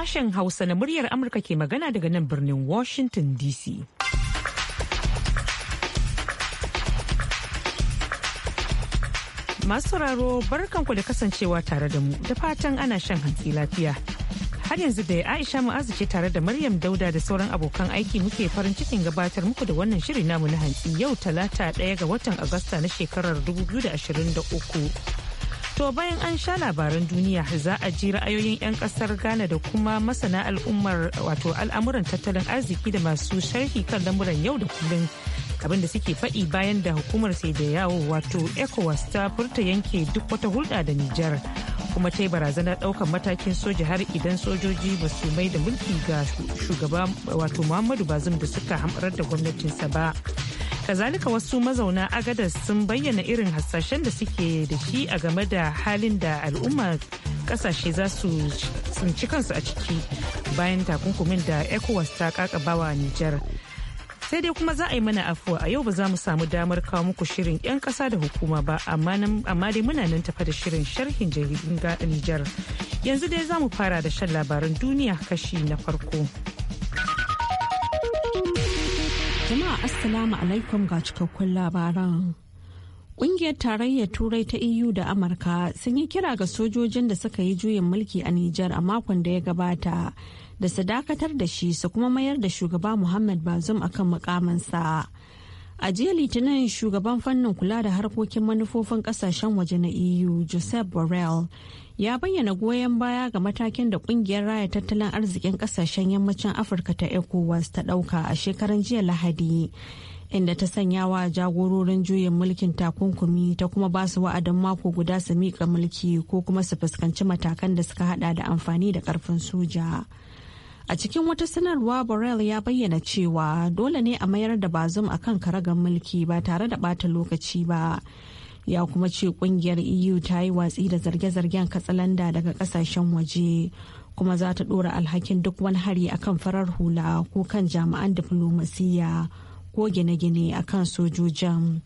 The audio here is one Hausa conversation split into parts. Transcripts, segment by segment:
sashen Hausa na muryar Amurka ke magana daga nan birnin Washington DC. Masu sauraro barkanku da kasancewa tare da mu da fatan ana shan hantsi lafiya. Har yanzu da Aisha Mu'azu ce tare da Maryam Dauda da sauran abokan aiki muke farin cikin gabatar muku da wannan shiri namu na hantsi yau talata ɗaya ga watan Agusta na shekarar 2023. To bayan an sha labaran duniya za a ji ra'ayoyin 'yan kasar Ghana da kuma masana al'ummar wato al'amuran tattalin arziki da masu sharhi kan lamuran yau da kullum da suke faɗi bayan da hukumar sai da yawo wato ECOWAS ta furta yanke duk wata hulɗa da Nijar kuma ta yi barazanar ɗaukar matakin soja har idan sojoji ba su mai da mulki ga shugaba wato Muhammadu Bazum da suka hamɓarar da gwamnatinsa ba. kazalika wasu mazauna agadas sun bayyana irin hasashen da suke da shi a game da halin da al'umma kasashe za su tsinci kansu a ciki bayan takunkumin da ecowas ta kakabawa nijar sai dai kuma za a yi mana afuwa a yau ba za mu samu damar kawo muku shirin 'yan kasa da hukuma ba amma dai muna nan tafa da shirin sharhin jaridun nijar yanzu dai za mu fara da shan labaran duniya kashi na farko. Assalamu alaikum ga cikakkun labaran. Ƙungiyar tarayyar Turai ta EU da Amurka sun yi kira ga sojojin da suka yi juyin mulki a Nijar a makon da ya gabata da su dakatar da shi su kuma mayar da shugaba Muhammad Bazum akan mukamansa. A jiya Litinin shugaban fannin kula da harkokin manufofin kasashen waje na EU Joseph Borrell ya bayyana goyon baya ga matakin da kungiyar raya tattalin arzikin kasashen yammacin afirka ta ecowas ta dauka a shekaran jiya lahadi inda ta sanya wa jagororin juyin mulkin takunkumi ta kuma ba su wa'adin mako guda su miƙa mulki ko kuma su fuskanci matakan da suka hada da amfani da karfin soja a cikin wata sanarwa borrell ya bayyana cewa dole ne a mayar da bazum akan karagar mulki ba tare da bata lokaci ba ya kuma ce kungiyar eu ta yi watsi da zarge-zargen katsalanda daga kasashen waje kuma za ta dora alhakin duk wani hari akan farar hula ko kan jami'an diflomasiyya ko gine-gine akan sojojin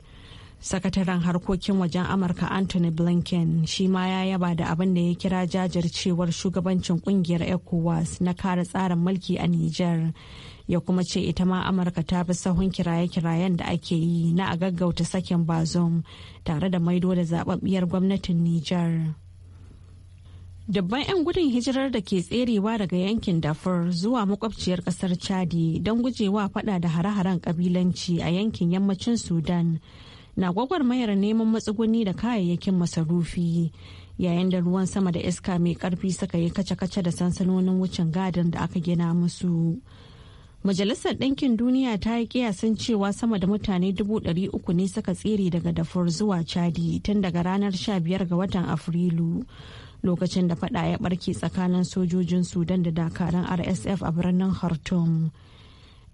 sakataren harkokin wajen amurka anthony blinken shi ma ya yaba da abin da ya kira jajircewar shugabancin kungiyar ecowas na kare tsarin mulki a niger ya kuma ce ita ma amurka ta bi sahun kiraye-kirayen da ake yi na a gaggauta sakin bazum tare da maido da zababbiyar gwamnatin niger dabban 'yan gudun hijirar da ke tserewa daga yankin dafur zuwa makwabciyar kasar chadi don gujewa fada da hare-haren kabilanci a yankin yammacin sudan na gwagwarmayar neman matsuguni da kayayyakin masarufi yayin da ruwan sama da iska mai karfi suka yi kace-kace da sansanonin wucin gadin da aka gina musu. Majalisar Ɗinkin Duniya ta yi kiyasan cewa sama da mutane dubu ɗari uku ne suka tsere daga dafur zuwa Chadi tun daga ranar 15 ga watan Afrilu lokacin da fada ya barke tsakanin sojojin Sudan da dakaran RSF a birnin Khartoum.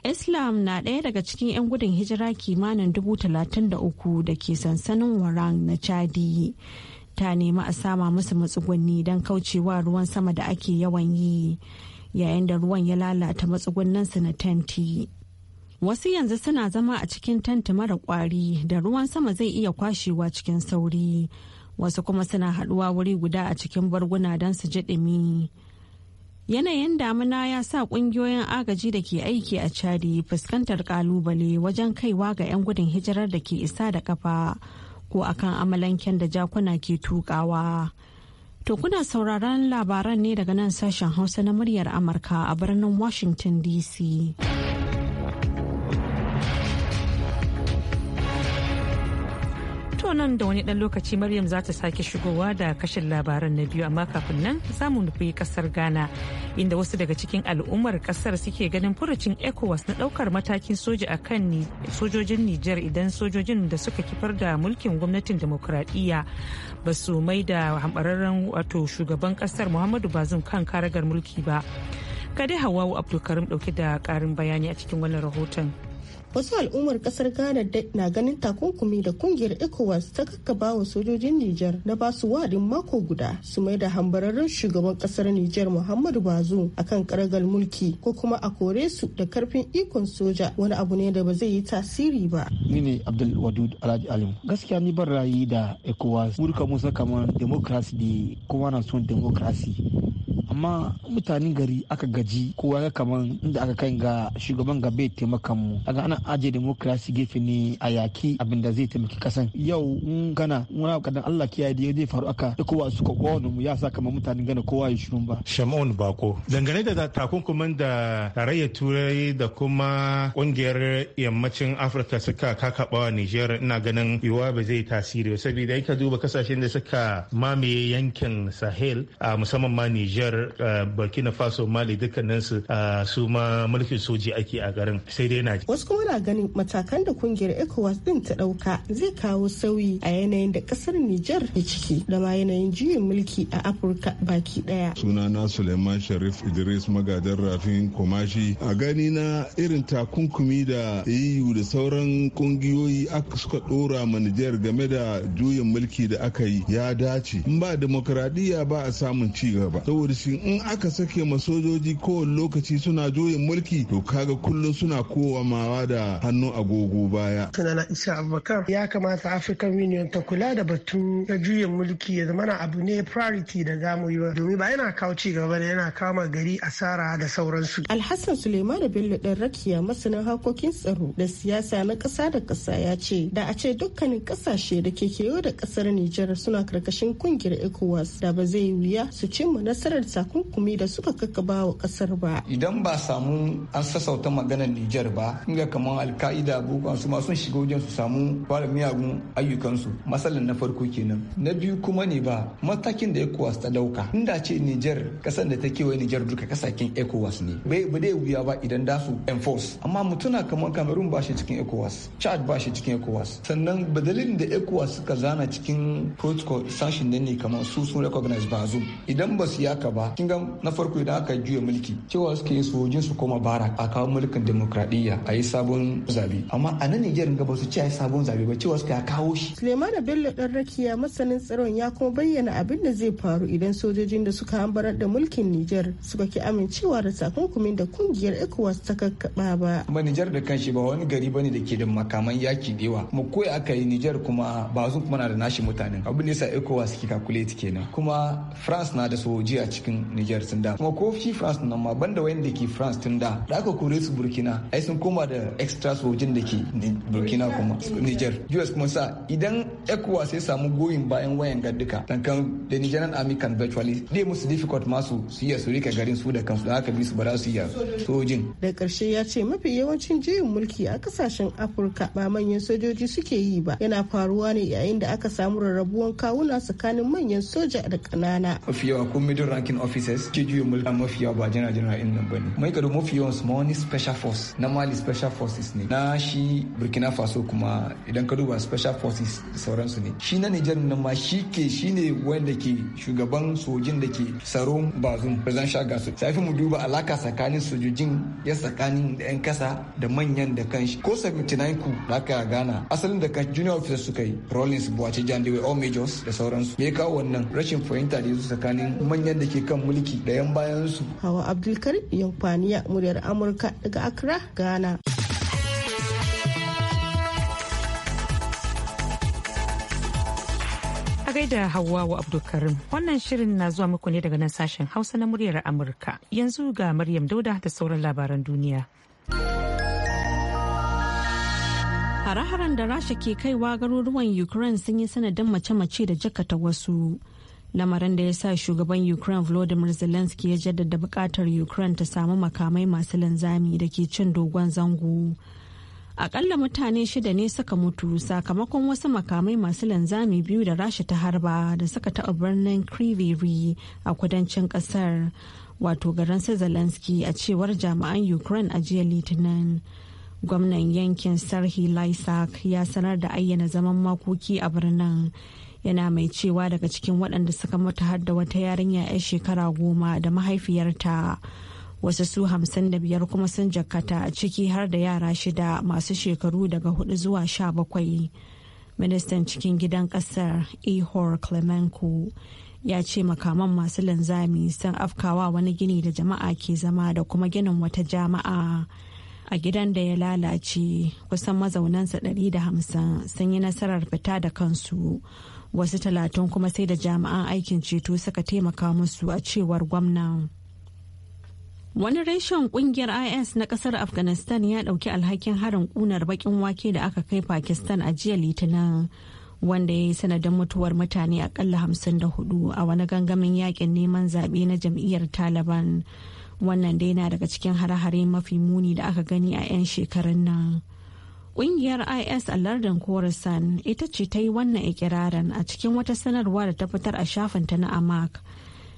Islam na ɗaya daga cikin 'yan gudun hijira kimanin dubu talatin da uku da ke sansanin Warang na Chadi. Ta nemi a sama musu matsugunni don kaucewa ruwan sama da ake yawan yi. yayin da ruwan ya lalata matsugunninsu na tenti. Wasu yanzu suna zama a cikin tanti mara kwari da ruwan sama zai iya kwashewa cikin sauri. Wasu kuma suna haɗuwa wuri guda a cikin barguna don su ji ɗumi. Yanayin damuna ya sa ƙungiyoyin agaji da ke aiki a Chadi fuskantar kalubale wajen kaiwa ga 'yan gudun hijirar da ke isa da kafa ko akan amalanken da jakuna ke tukawa. To kuna sauraron labaran ne daga nan sashen Hausa na muryar Amurka a birnin Washington DC. To nan da wani dan lokaci Maryam za ta sake shigowa da kashin labaran na biyu amma kafin nan za mu nufi kasar Ghana inda wasu daga cikin al'ummar kasar suke ganin furucin ECOWAS na daukar matakin soja a kan sojojin Nijar idan sojojin da suka kifar da mulkin gwamnatin demokuraɗiyya ba su mai da hambararren wato shugaban kasar Muhammadu Bazum kan karagar mulki ba. Kade wa Abdulkarim dauke da ƙarin bayani a cikin wannan rahoton. wasu al'ummar kasar ghana na ganin takunkumi da kungiyar ecowas ta kakkaba wa sojojin niger na basu wa'adin mako guda su mai da hambararren shugaban kasar niger muhammadu bazu kan karagal mulki ko kuma a kore su da karfin ikon soja wani abu ne da ba zai yi tasiri ba ni ne abdul wadud alhaji alim gaskiya ni ban rayu da ecowas murka musa kamar democracy da kuma na son democracy amma mutanen gari aka gaji kowa ya kaman inda aka kai ga shugaban ga bai taimakan mu daga ana aje demokrasi gefe ne a yaki abin da zai taimaki kasan yau in kana muna kadan Allah kiyaye da zai faru aka da kowa su ka kowane mu ya sa kaman mutanen gana kowa ya shirin ba sham'on Bako dangane da takunkumin da tarayyar Turai da kuma kungiyar yammacin Afirka suka wa Niger ina ganin yiwuwa ba zai tasiri saboda in ka duba kasashen da suka mamaye yankin Sahel a musamman ma Niger kasar eh, burkina faso mali dukkanin eh, su ma mulkin soji ake a garin sai dai na wasu kuma na ganin matakan da kungiyar ecowas din ta dauka zai kawo sauyi a yanayin da kasar niger ke ciki da ma yanayin juyin mulki a afirka baki daya sunana suleiman sharif idris magadan rafin komashi a gani na irin takunkumi da eu da sauran kungiyoyi aka suka dora ma niger game da juyin mulki da aka yi ya dace in ba demokradiyya ba a samun ci gaba saboda saboda in aka sake ma sojoji kowane lokaci suna juyin mulki to kaga kullum suna kowa mawa da hannu agogo baya sunana isa abubakar ya kamata african union ta kula da batu na juya mulki ya zama abu ne priority da zamu yi ba domin ba yana kawo ci gaba ne, yana kama gari asara da sauransu alhassan da bello dan rakiya masanin harkokin tsaro da siyasa na ƙasa da ƙasa ya ce da a ce dukkanin ƙasashe da ke kewa da ƙasar nijar suna karkashin kungiyar ecowas da ba zai yi wuya su cimma nasarar maganar takunkumi da suka ba wa kasar ba. Idan ba samu an sassauta maganar Nijar ba, inga kamar Alka'ida Boko su masu shiga wajen su samu fara miyagun ayyukansu. Masalan na farko kenan. Na biyu kuma ne ba matakin da ECOWAS ta dauka. Inda ce Nijar kasar da ta kewaye Nijar duka kasakin ECOWAS ne. Bai ba dai wuya ba idan da su enforce. Amma mutuna kamar Cameroon ba shi cikin ECOWAS, Chad ba shi cikin ECOWAS. Sannan badalin da ECOWAS suka zana cikin protocol sashin ne kamar su sun recognize ba Idan ba su yaka ba kin ga na farko idan aka juya mulki cewa suke sojin su koma bara a kawo mulkin demokradiyya a yi sabon zabe amma a nan Nijar ga ba su ci a yi sabon zabe ba cewa suke a kawo shi Suleiman Bello dan Rakiya masanin tsaron ya kuma bayyana abin da zai faru idan sojojin da suka hambarar da mulkin Nijar suka ki amincewa da takunkumin da kungiyar ECOWAS ta kakkaba ba kuma Nijar da kanshi ba wani gari bane da ke da makaman yaki da yawa kuma koyi aka yi Nijar kuma ba kuma na da nashi mutanen abin da yasa ECOWAS ke calculate kenan kuma France na da sojoji a cikin Niger tun da kuma ko France nan ma banda da ke France tun da da aka kore su Burkina ai sun koma da extra sojin da ke Burkina kuma Niger US kuma sa idan ECOWAS sai samu goyin bayan wayan gaddika kan da Nigerian Army can virtually dey musu difficult masu su iya su rika garin su da kansu da aka bi su ba su iya sojin da karshe ya ce mafi yawancin juyin mulki a kasashen Afirka ba manyan sojoji suke yi ba yana faruwa ne yayin da aka samu rarrabuwan kawuna tsakanin manyan soja da ƙanana mafi yawa kun middle rank banking offices ke juya mulka mafi yawa ba jana jana in nan bane mai gado mafi yawan su mawani special force na mali special forces ne na shi burkina faso kuma idan ka duba special forces sauransu ne shi na nijar nan ma shi ke shi ne wanda ke shugaban sojin da ke tsaron bazum bazan shaga su sai mu duba alaka tsakanin sojojin ya tsakanin da yan kasa da manyan da kanshi ko 79 ku da aka gana asalin da kan junior officers suka yi rollins buwace jandewa all majors da sauransu me ya kawo wannan rashin fahimta da yanzu tsakanin manyan da ke ke kan mulki ɗayan bayan su. Hawa Abdulkarim Yankwaniya muryar Amurka daga Accra, Ghana. A gaida wa Abdulkarim wannan shirin na zuwa muku ne daga nan sashen Hausa na muryar Amurka. Yanzu ga Maryam Dauda da sauran labaran duniya. Hare-haren da Rasha ke kaiwa garuruwan Ukraine sun yi sanadin mace-mace da jakata wasu. lamarin da ya sa shugaban ukraine volodymyr zelensky ya jaddada bukatar ukraine ta samu makamai masu linzami da ke cin dogon zango akalla mutane shida ne suka mutu sakamakon wasu makamai masu linzami biyu da rasha ta harba da suka taɓa birnin kriviri a kudancin ƙasar wato garin su zelensky a cewar jami'an ukraine a jiya litinin gwamnan yankin sarhi lysak ya sanar da ayyana zaman makoki a birnin yana mai cewa daga cikin waɗanda suka mutu har da wata yarinya 'yar shekara goma da mahaifiyarta wasu su hamsin da biyar kuma sun jakata a ciki har da yara shida masu shekaru daga hudu zuwa sha bakwai ministan cikin gidan kasar ihor clemenko ya ce makaman masu linzami sun afkawa wani gini da jama'a ke zama da kuma ginin wata jama'a a gidan da ya lalace kusan mazaunansa 150 sun yi nasarar fita da kansu wasu talatin kuma sai da jami'an aikin ceto suka taimaka musu a cewar gwamna. Wani reshen kungiyar IS na kasar Afghanistan ya dauki alhakin harin kunar bakin wake da aka kai Pakistan a jiya Litinin. wanda ya yi sanadin mutuwar mutane akalla hamsin da hudu a wani gangamin yakin neman zaɓe na jam'iyyar taliban wannan dai na daga cikin hare-hare mafi muni da aka gani a 'yan shekarun nan Ƙungiyar IS a lardin Khorasan ita ce ta yi wannan ikirarin a cikin wata sanarwa da ta fitar a shafin ta na Amak.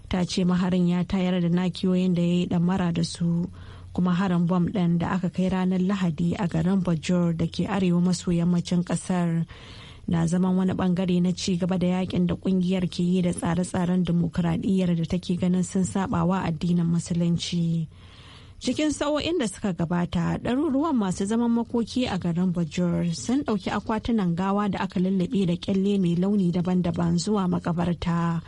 Ta ce maharin ya tayar da nakiyoyin da ya yi ɗamara da su kuma harin bom ɗin da aka kai ranar Lahadi a garin Bajor da ke arewa maso yammacin ƙasar na zaman wani bangare na ci gaba da yakin da ƙungiyar ke yi da tsare-tsaren dimokuraɗiyyar da take ganin sun saɓawa addinin musulunci. cikin sa'o'in da suka gabata ɗaruruwan masu zaman makoki a garin bajor sun ɗauki akwatunan gawa da aka lullube da kyalle mai launi daban-daban zuwa makabarta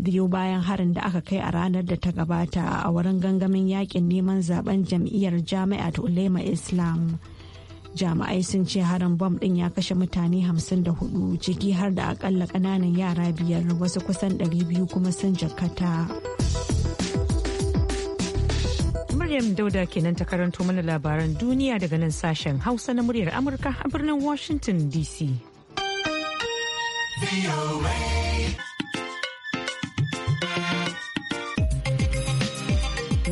biyu bayan harin da aka kai a ranar da ta gabata a wurin gangamin yakin neman zaben jam'iyyar jami'a ta ulema islam jami'ai sun ce harin bom ɗin ya kashe mutane 54 ciki har da akalla ƙananan yara biyar wasu kusan 200 kuma sun jakkata. Maryam Dauda kenan ta karanto mana labaran duniya daga nan sashen Hausa na muryar Amurka a birnin Washington DC.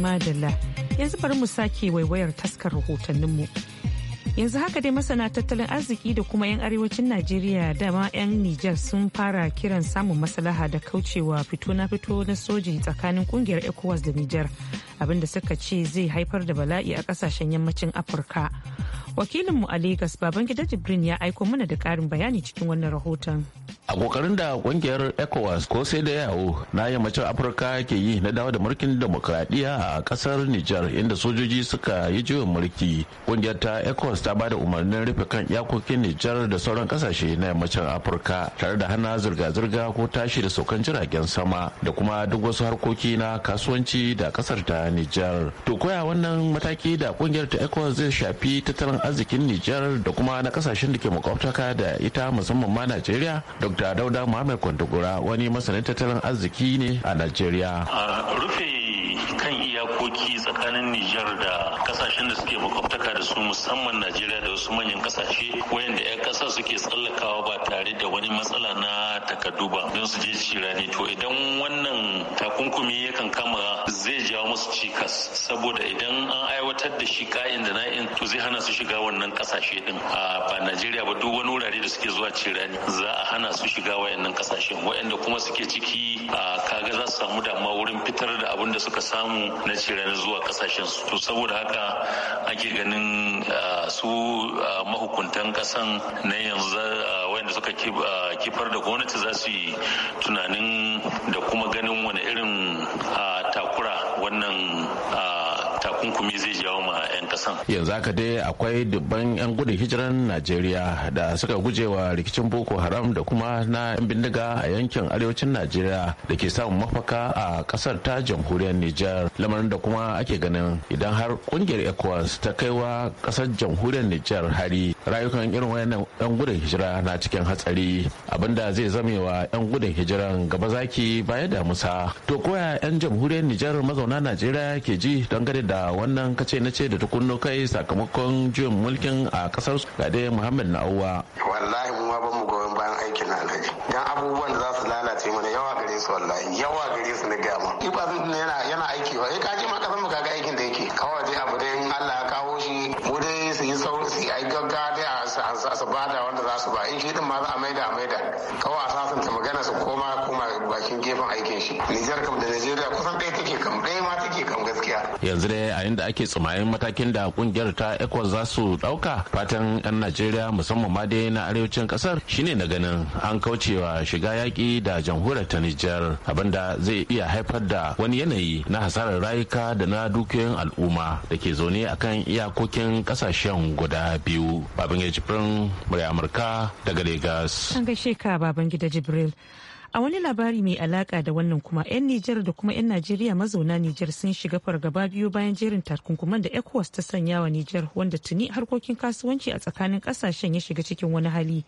Madala yanzu bari mu sake waiwayar taskar rahotanninmu. mu. yanzu haka dai masana tattalin arziki da kuma 'yan arewacin najeriya da ma 'yan nijar sun fara kiran samun maslaha da kaucewa fito na fito na soji tsakanin kungiyar ecowas da nijar abinda suka ce zai haifar da bala'i a kasashen yammacin afirka wakilinmu a lagos gida jibrin ya aiko mana da karin bayani cikin wannan rahoton a kokarin da kungiyar ecowas ko sai da yawo na yammacin afirka ke yi na dawo da mulkin demokradiyya a kasar nijar inda sojoji suka yi juyin mulki kungiyar ta ecowas Thomas ta bada umarnin rufe kan iyakokin nijar da sauran kasashe na yammacin afirka tare da hana zirga-zirga ko tashi da saukan jiragen sama da kuma duk wasu harkoki na kasuwanci da kasar ta nijar to koya wannan mataki da kungiyar ta ecowas zai shafi tattalin arzikin nijar da kuma na kasashen da ke makwabtaka da ita musamman ma najeriya dr dauda muhammad kwantagura wani masanin tattalin arziki ne a najeriya rufe iyakoki tsakanin Nijar da kasashen da suke makwabtaka da su musamman Najeriya da wasu manyan kasashe wayanda 'yan kasa suke tsallakawa ba tare da wani matsala na takardu ba don su je cirani to idan wannan takunkumi yakan kama zai jawo musu cikas saboda idan an aiwatar da shi ka'in da na'in to zai hana su shiga wannan kasashe din a ba Najeriya ba duk wani wurare da suke zuwa cirani za a hana su shiga wayannan kasashen wayanda kuma suke ciki a kaga za su samu damuwa wurin fitar da abin da suka samu na kira zuwa kasashen su to saboda haka ake ganin ah, su ah, mahukuntan kasan na yanzu ah, wanda suka kifar da gwamnati za su yi tunanin da kuma ganin wani irin takura wannan takunkumi zai jawo ma 'yan kasan. yanzu haka dai akwai dubban 'yan gudun hijiran najeriya da suka gujewa rikicin boko haram da kuma na 'yan bindiga a yankin arewacin najeriya da ke samun mafaka a kasar ta jamhuriyar nijar lamarin da kuma ake ganin idan har kungiyar ecowas ta kaiwa kasar jamhuriyar nijar hari rayukan irin wayannan 'yan gudun hijira na cikin hatsari abinda zai zamewa 'yan gudun hijiran gaba zaki baya da musa to koya 'yan jamhuriyar nijar mazauna najeriya ke ji don gare da wannan kace na ce da ta kunno kai sakamakon juyin mulkin a kasar su ga dai muhammad auwa wallahi mu ma ban mu goyon bayan aikin na alhaji dan abubuwan da za su lalace mana yawa gare su wallahi yawa gare su na ba zan yana yana aiki wa eh je ma kasan mu kaga aikin da yake kawai dai abu dai Allah ya kawo shi mu dai su yi sauri su yi gaggawa dai su ba da wanda za su ba in shi din ma za a maida a maida kawai a ta magana su koma koma bakin gefen aikin shi Nijar kam da Najeriya kusan ɗaya take kam ɗaya ma take kam gaskiya yanzu dai a inda ake tsumayen matakin da kungiyar ta ECOWAS za su ɗauka fatan 'yan Najeriya musamman ma dai na arewacin ƙasar shine na ganin an kaucewa shiga yaƙi da jamhuriyar ta Nijar abinda zai iya haifar da wani yanayi na hasarar rayuka da na dukiyoyin al'umma da ke zaune akan iyakokin ƙasashen guda biyu babin ya jibrin murya amurka daga lagos an gaishe ka baban gida jibril a wani labari mai alaka da wannan kuma 'yan nijar da kuma 'yan najeriya mazauna nijar sun shiga fargaba biyu bayan jerin takunkuman da ecowas ta sanya wa nijar wanda tuni harkokin kasuwanci a tsakanin kasashen ya shiga cikin wani hali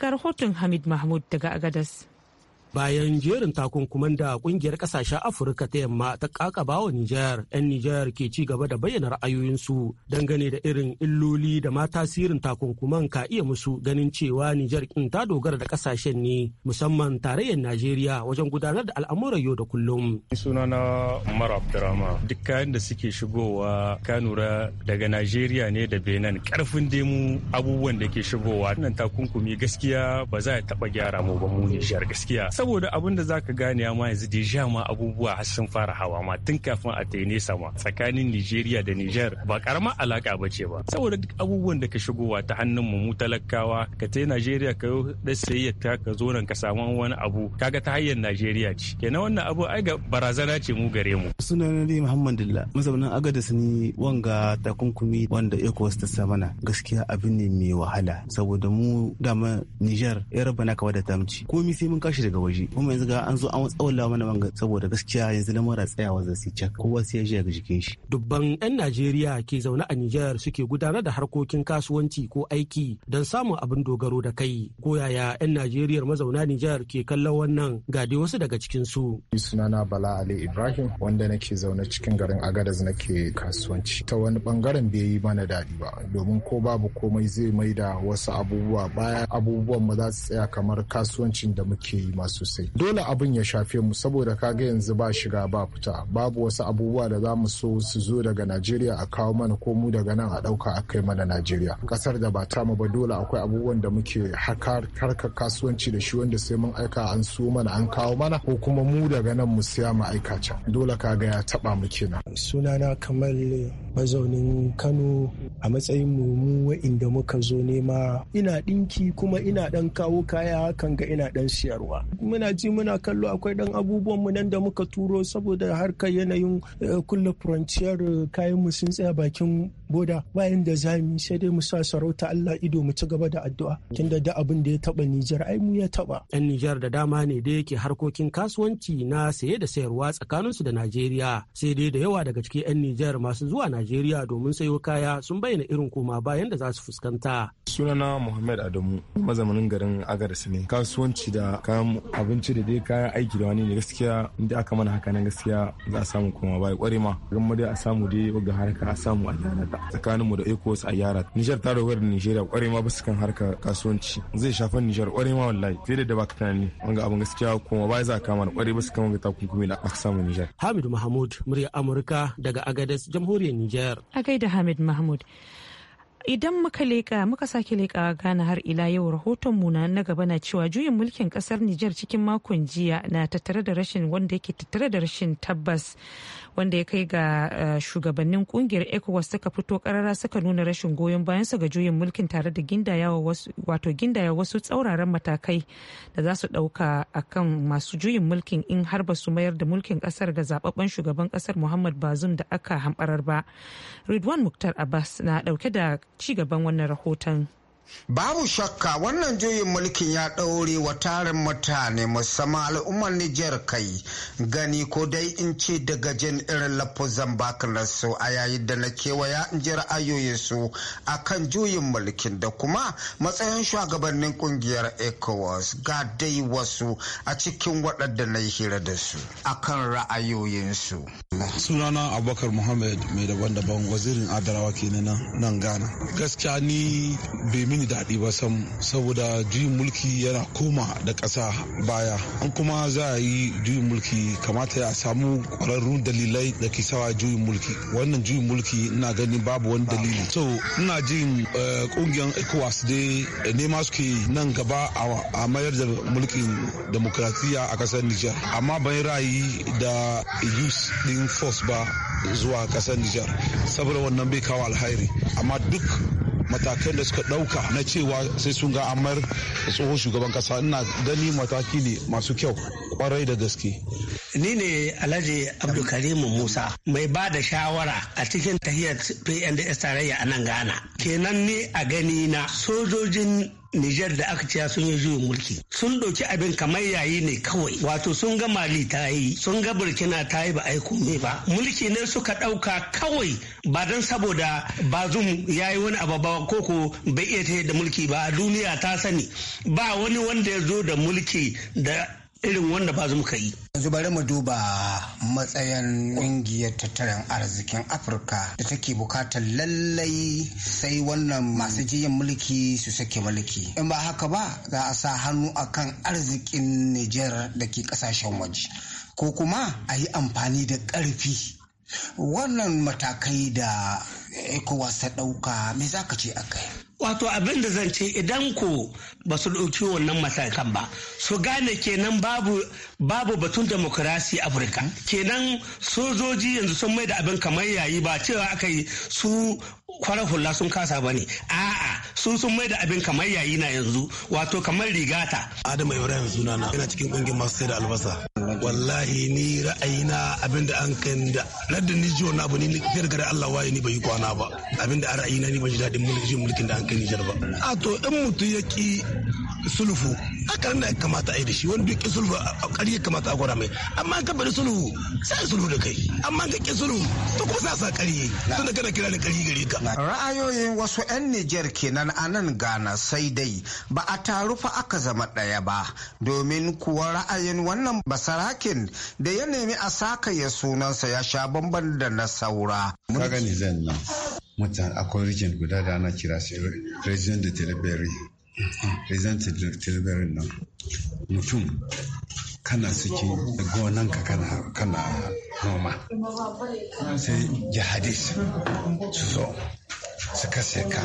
ga rahoton hamid mahmud daga agadas bayan jerin takunkuman da kungiyar kasashen afirka ta yamma ta kakaba wa nijar yan nijar ke ci gaba da bayyana ra'ayoyinsu dangane da irin illoli da ma tasirin takunkuman ka iya musu ganin cewa nijar in ta dogara da kasashen ne musamman tarayyar najeriya wajen gudanar da al'amuran yau da kullum sunana umar abdurrahman duk kayan da suke shigowa kanura daga najeriya ne da benin karfin demu abubuwan da ke shigowa nan takunkumi gaskiya ba za a taba gyara mu ba mu nijar gaskiya saboda abin da zaka gane ma yanzu deja ma abubuwa har sun fara hawa ma tun kafin a ta nesa ma tsakanin Nigeria da Niger ba karama alaka ba ce ba saboda duk abubuwan da ka shigowa ta hannun mu talakawa ka ta Nigeria ka yi da ta ka zo nan ka samu wani abu kaga ta hanyar Nigeria ce kenan wannan abu ai ga barazana ce mu gare mu sunan ne muhammadulla mazaunan agada su ni wanga takunkumi wanda ECOWAS ta sa mana gaskiya abin ne mai wahala saboda mu dama Niger ya rabana ka wadata mu ci komai sai mun kashi daga waje kuma yanzu ga an zo an tsawala mana saboda gaskiya yanzu mara tsayawa za su cak kowa sai ya je ga jikin shi dubban yan Najeriya ke zaune a Nijar suke gudanar da harkokin kasuwanci ko aiki don samun abin dogaro da kai ko yaya yan Najeriya mazauna Nijar ke kallon wannan ga dai wasu daga cikin su sunana Bala Ali Ibrahim wanda nake zaune cikin garin Agadez nake kasuwanci ta wani bangaren bai yi mana daɗi ba domin ko babu komai zai maida wasu abubuwa baya abubuwan ma za su tsaya kamar kasuwancin da muke yi masu sosai dole abin ya shafe mu saboda kaga yanzu ba shiga ba fita babu wasu abubuwa da za mu so su zo daga najeriya a kawo mana ko mu daga nan a ɗauka a kai mana najeriya ƙasar da ba ta mu ba dole akwai abubuwan da muke harkar kasuwanci da shi wanda sai mun aika an so mana an kawo mana ko kuma mu daga nan mu siya mu aika can dole kaga ya taɓa mu kenan sunana kamar. mazaunin Kano a matsayin mu mu wa'inda muka zo nema ina ɗinki kuma ina ɗan kawo kaya hakan ga ina ɗan siyarwa. Muna ji muna kallo akwai ɗan abubuwan mu nan da muka turo saboda harkar yanayin eh, kulle frontier kayan mu sun tsaya bakin boda bayan da za mu sai dai mu sa sarauta Allah ido mu ci gaba da addu'a tunda da abin da ya taba Nijar ai mu ya taba. Yan Nijar da dama ne da yake harkokin kasuwanci na saye da sayarwa tsakaninsu da Najeriya sai dai da yawa daga cikin yan Nijar masu zuwa Najeriya Najeriya domin sayo kaya sun bayyana irin koma bayan da za su fuskanta. Sunana Muhammad Adamu mazamanin garin Agadas ne. Kasuwanci da kayan abinci da dai kayan aiki da wani ne gaskiya inda aka mana haka nan gaskiya za a samu koma baya kware ma. Gamma dai a samu dai ga harka a samu a gyara ta. Tsakaninmu da ECOWAS a gyara Nijar ta dogara da Nijeriya kware ma basu kan harka kasuwanci. Zai shafa Nijar kware ma wallahi. Fiye da baka tunani. Wanga abin gaskiya koma baya za a kama da kware basu kan wanga takunkumi na aka samu Nijar. hamidu Mahamud, murya Amurka daga Agadez, jamhuriyar Nijar. Nijar. A gaida Hamid Mahmud. idan muka leƙa muka sake leƙa gana har ila yau rahotonmu na na gaba na cewa juyin mulkin kasar Nijar cikin makon jiya na tattare da rashin wanda yake tattare da rashin tabbas wanda ya kai ga eh, shugabannin kungiyar ECOWAS suka fito karara suka nuna rashin goyon bayan su ga juyin mulkin tare da gindayawa wasu wato gindaya wasu tsauraran matakai da za su dauka akan masu juyin mulkin in har ba su mayar da mulkin kasar ga zababben shugaban kasar Muhammad Bazoum da aka hambarar ba. Ridwan Muktar Abbas na dauke da ci gaban wannan rahoton. Babu shakka wannan juyin mulkin ya ɗaure wa tarin mutane musamman al'ummar Nijar kai gani ko dai in ce daga jin irin lafuzan bakin a yayin da na kewaya in ji ra'ayoyinsu a kan juyin mulkin da kuma matsayin shugabannin kungiyar ECOWAS ga dai wasu a cikin waɗanda na yi hira da su a kan ra'ayoyinsu. Sunana Abubakar Muhammad mai daban-daban wazirin Adarawa kenan nan Ghana. Gaskiya ni bai mini daɗi ba sam saboda juyin mulki yana koma da ƙasa baya an kuma za a yi juyin mulki kamata a samu ƙwararrun dalilai da ke sawa juyin mulki wannan juyin mulki ina gani babu wani dalili so ina jin eh, ƙungiyar ecowas dai eh, nema suke nan gaba a mayar da mulkin demokratiya a ƙasar nijar amma ban ra'ayi da use din force ba zuwa ƙasar nijar saboda wannan bai kawo alhairi amma duk matakan da suka ɗauka na cewa sai sun ga amar tsohon shugaban kasa ina gani mataki ne masu kyau kwarai da gaske. Ni ne Alhaji Abdulkarim Musa mai ba da shawara a cikin tahiyar PNDS tarayya a nan Ghana. Kenan ne a gani na sojojin Nijar da aka ciya sun yi juyin mulki sun ɗauki abin kamar yayi ne kawai wato sun ga Mali ta yi sun ga Burkina ta yi ba aiko kome ba mulki ne suka ɗauka kawai ba don saboda bazum ya yi wani abu ba koko bai iya ta da mulki ba duniya ta sani ba wani wanda ya zo da mulki da irin wanda ba muka yi. yanzu bari mu duba matsayin ƙungiyar tattalin arzikin afirka da take buƙatar lallai sai wannan masu jiyan mulki su sake mulki in ba haka ba za a sa hannu akan arzikin nijar da ke ƙasashen waje ko kuma a yi amfani da ƙarfi wannan matakai da ecowas ta ɗauka me za ka ce a kai wato abin da zan ce idan ko ba su ɗauki wannan matakan ba su gane kenan babu babu batun demokrasi afirka kenan sojoji yanzu sun mai da abin kamar yayi ba cewa aka yi su kwarar hula sun kasa ba ne a'a su sun mai da abin kamar yayi na yanzu wato kamar rigata adamu ibrahim sunana yana cikin kungiyar masu sai da albasa wallahi ni ra'ayina abinda an kan da radda ni jiwa na ba ni gargara Allah waye ni bai kwana ba abinda ra'ayina ni ban ji dadin mulkin da an kan Nijar ba a to in mutum ya ki sulufu. haka nan kamata a yi da shi wani duk sulhu a ƙarya kamata a gwada mai amma ka bari sulhu sai sulhu da kai amma ka ƙi sulhu to kuma sa sa ƙarye tunda kana kira da ƙarye gare ka. ra'ayoyin wasu 'yan Nijar kenan a nan Ghana sai dai ba a taru fa aka zama ɗaya ba domin kuwa ra'ayin wannan basarakin da ya nemi a saka ya sunansa ya sha bamban da na saura. Kaga Nijar nan mutane akwai rikin guda da ana kira sai President da Teleberi. presented tilbury nan mutum kana cikin gonanka kana kana noma sai jihadis su zo suka seka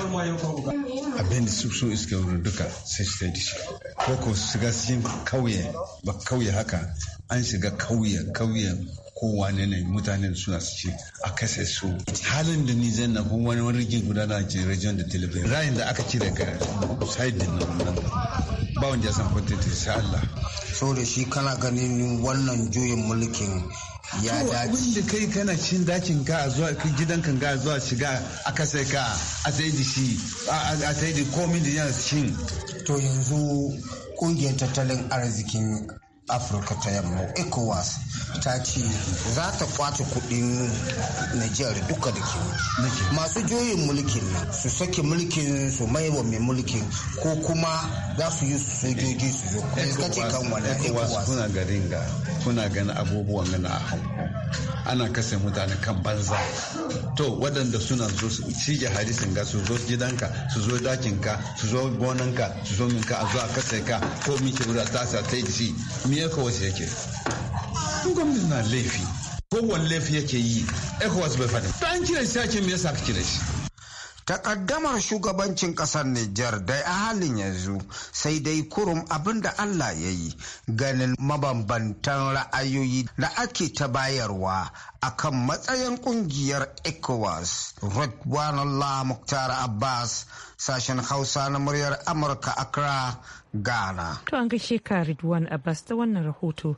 abin da su iske wurin duka sai su sai shi ko ko su ga cikin kauye ba kauye haka an shiga kauye kauye kowa ne ne mutane da suna su ce a kasa su halin da ni zai na kuma wani wani rigin gudana na ce region da delivery rayin da aka ci daga side din nan ba wanda ya san kwatanta sai Allah da shi kana ganin wannan juyin mulkin ya dace wanda kai kana cin dakin ka a zuwa gidan kan ga zuwa shiga aka sai ka a sai da shi a sai da komai da yana cin to yanzu kungiyar tattalin arzikin afirka ta yamma ecowas ta ce za ta kwace kudin nijar duka da ke masu juyin mulkin nan su sake mulkin su wa mai mulkin ko kuma za su yi sojoji su zo kuma ce kan wani ecowas kuna garin ga kuna gani abubuwan gana a hong ana kasa mutane kan banza to waɗanda suna zo su cije harisin ga su zo gidanka su zo dakinka su zo gonanka su zo minka a zo a kasa ka ko miki wuri ta sa ta yi ECOWAS yake. Tun gwamnati na laifi, kowane laifi yake yi, ECOWAS bai Ta an kira shi ake me yasa ka kira shi? Takaddamar shugabancin ƙasar Nijar da a halin yanzu sai dai kurum abin da Allah ya yi ganin mabambantan ra'ayoyi da ake ta bayarwa a kan matsayin ƙungiyar ECOWAS. Rukwanallah Muktar Abbas, sashen Hausa na muryar Amurka Accra. Ghana. To an gaishe ka Ridwan Abbas ta wannan rahoto.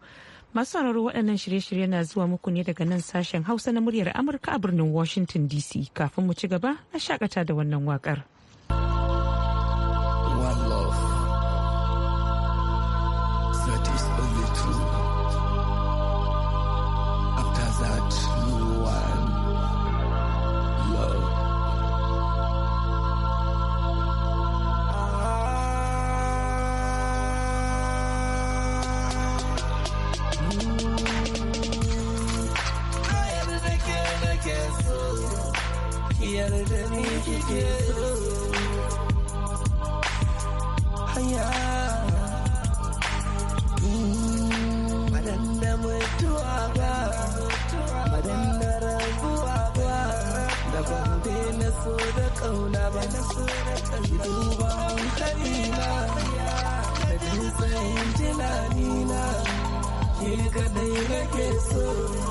Masu sauraro waɗannan shirye-shirye na zuwa muku ne daga nan sashen Hausa na muryar Amurka a birnin Washington DC kafin mu ci gaba a shakata da wannan wakar. One that, no one. hanyar da ni kike so hanya Madanda mutuwa ba, madanda rabuwa ba, da ban na so da ƙauna ba, na so da ƙauna duba hankali na, da dutsen tunani na, ke kadai nake so.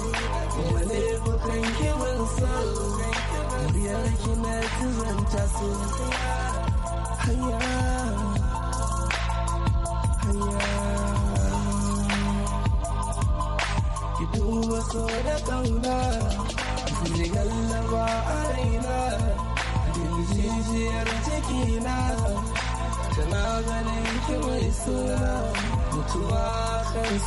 jijiyar tana ganin ki mai suna mutuwa kan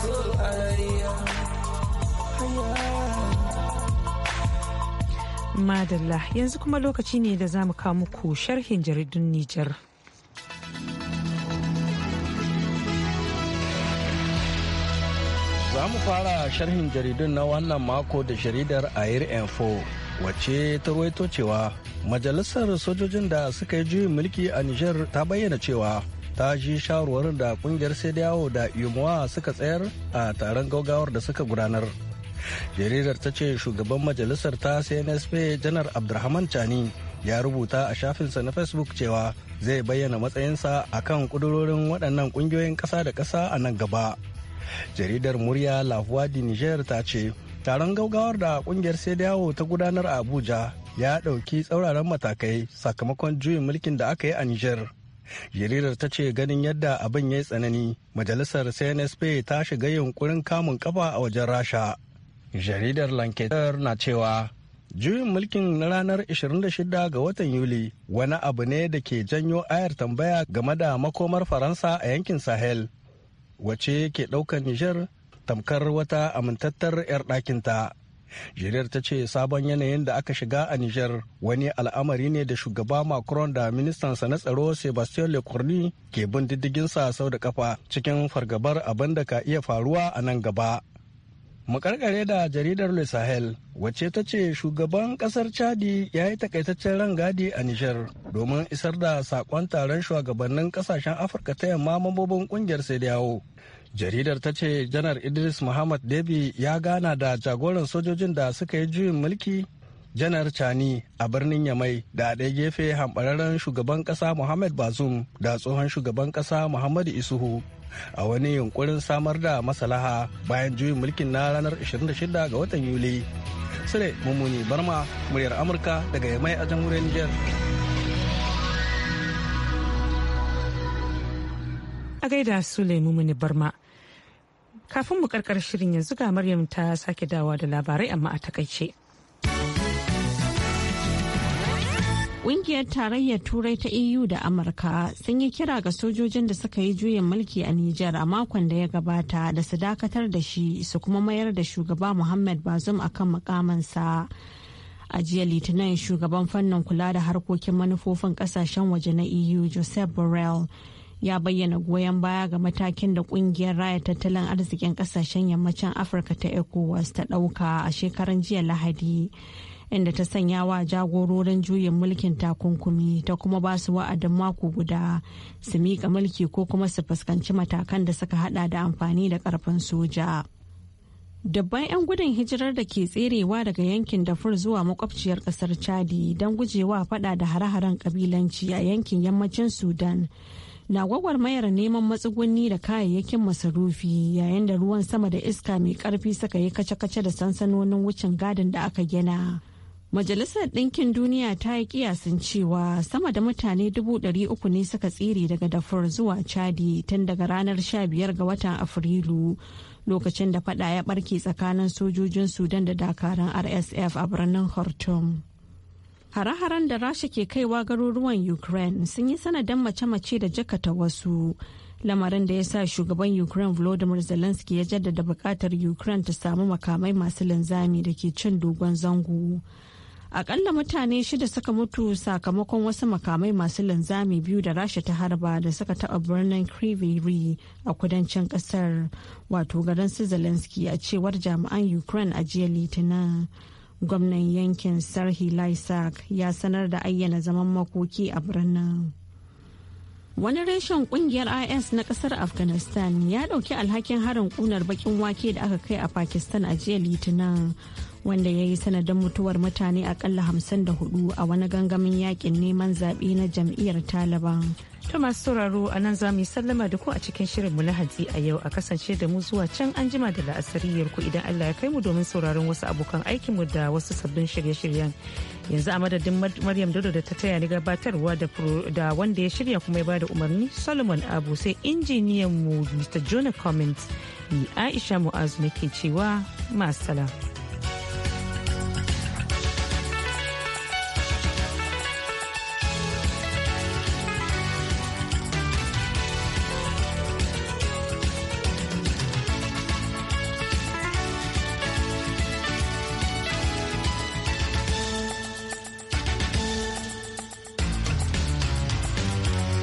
Madalla yanzu kuma lokaci ne da za mu kawo muku sharhin jaridun Nijar. Za mu fara sharhin jaridun na wannan mako da jaridar Air Info. wacce ta ruwaito cewa majalisar sojojin da suka yi juyin mulki a Nijar ta bayyana cewa ta ji shawarwar da kungiyar yawo da Yumuwa suka tsayar a taron gaugawar da suka gudanar. jaridar ta ce shugaban majalisar ta CNSP janar Abdulrahman Chani ya rubuta a shafinsa na Facebook cewa zai bayyana matsayinsa a kan kudurorin waɗannan ƙungiyoyin ƙasa da ƙasa a nan gaba. Jaridar murya Lahuwa di Niger ta ce taron gaugawar da kungiyar sai yawo ta gudanar a abuja ya ɗauki tsauraran matakai sakamakon juyin mulkin da aka yi a niger jaridar ta ce ganin yadda abin ya yi tsanani majalisar cnsp ta shiga yunkurin kamun kafa a wajen rasha jaridar lanketer na cewa juyin mulkin na ranar 26 ga watan yuli wani abu ne da ke janyo ayar tambaya game da makomar faransa a yankin sahel wace ke ɗaukar niger tamkar wata amintattar 'yar ɗakinta. Jiriyar ta ce sabon yanayin da aka shiga a Nijar wani al'amari ne da shugaba Macron da ministansa na tsaro Sebastien Lecornu ke bin diddiginsa sau da kafa cikin fargabar abin da ka iya faruwa a nan gaba. makarkare da jaridar le sahel wacce ta ce shugaban kasar chadi ya yi takaitaccen rangadi a nijar domin isar da sakon taron shugabannin kasashen afirka ta yamma mambobin kungiyar sai da yawo jaridar ta ce janar idris muhammad debi ya gana da jagoran sojojin da suka yi juyin mulki janar chani a birnin yamai da ɗaya gefe hambararren shugaban ƙasa muhammad bazum da tsohon shugaban ƙasa muhammad isuhu a wani yunkurin samar da masalaha bayan juyin mulkin na ranar 26 ga watan yuli sule mummuni barma muryar amurka daga yamai a jamhuriyar niger a gaida sule mummuni barma Kafin mu karkar shirin yanzu ga Maryam ta sake dawa da labarai amma a takaice. Ƙungiyar tarayyar Turai ta EU da Amurka sun yi kira ga sojojin da suka yi juyin mulki a Nijar a makon da ya gabata da su dakatar da shi su kuma mayar da shugaba Muhammad Bazoum akan mukamansa. a jiya litinin shugaban fannin kula da harkokin manufofin kasashen waje na eu joseph borrell ya bayyana goyon baya ga matakin da kungiyar raya tattalin arzikin kasashen yammacin afirka ta ecowas ta dauka a shekaran jiya lahadi inda ta sanya wa jagororin juyin mulkin takunkumi ta kuma ba su wa'adin mako guda su mika mulki ko kuma su fuskanci matakan da suka hada da amfani da karfin soja. Dabban 'yan gudun hijirar da ke tserewa daga yankin dafur zuwa makwabciyar kasar Chadi don gujewa fada da hare-haren kabilanci a yankin yammacin Sudan na gwagwarmayar neman matsugunni da kayayyakin masarufi yayin da ruwan sama da iska mai karfi suka yi kace-kace da sansanonin wucin gadin da aka gina. Majalisar Ɗinkin Duniya ta yi kiyasin cewa sama da mutane dubu ɗari uku ne suka tsere daga dafur zuwa Chadi tun daga ranar sha biyar ga watan Afrilu lokacin da fada ya barke tsakanin sojojin Sudan da dakaran RSF a birnin Khartoum. Hare-haren da Rasha ke kaiwa garuruwan Ukraine sun yi sanadin mace-mace da jakata wasu. Lamarin da ya sa shugaban Ukraine Volodymyr Zelensky ya jaddada bukatar Ukraine ta samu makamai masu linzami da ke cin dogon zango. Akalla mutane shida suka mutu sakamakon wasu makamai masu linzami biyu da Rasha ta harba da suka taɓa birnin Kriviri a kudancin ƙasar, wato garin su Zelensky a cewar jami'an Ukraine a jiya Litinin. gwamnan yankin sarhi laisak ya sanar da ayyana zaman makoki a birnin wani reshen kungiyar is na kasar afghanistan ya dauki alhakin harin kunar bakin wake da aka kai a pakistan a jiya litinin wanda ya yi sanadin mutuwar mutane akalla 54 a wani gangamin yakin neman zaɓe na jam'iyyar taliban ta masu sauraro a nan za mu yi sallama da ku a cikin shirinmu na hantsi a yau a kasance da mu zuwa can an jima da la'asariyar ku idan Allah ya kai mu domin sauraron wasu abokan mu da wasu sabbin shirye-shiryen. Yanzu a madadin Maryam Dodo da ta taya ni gabatarwa da wanda ya shirya kuma ya bada umarni Solomon Abu sai injiniyan mu Mr. Jonah Cummins ni Aisha Mu'azu nake cewa masala.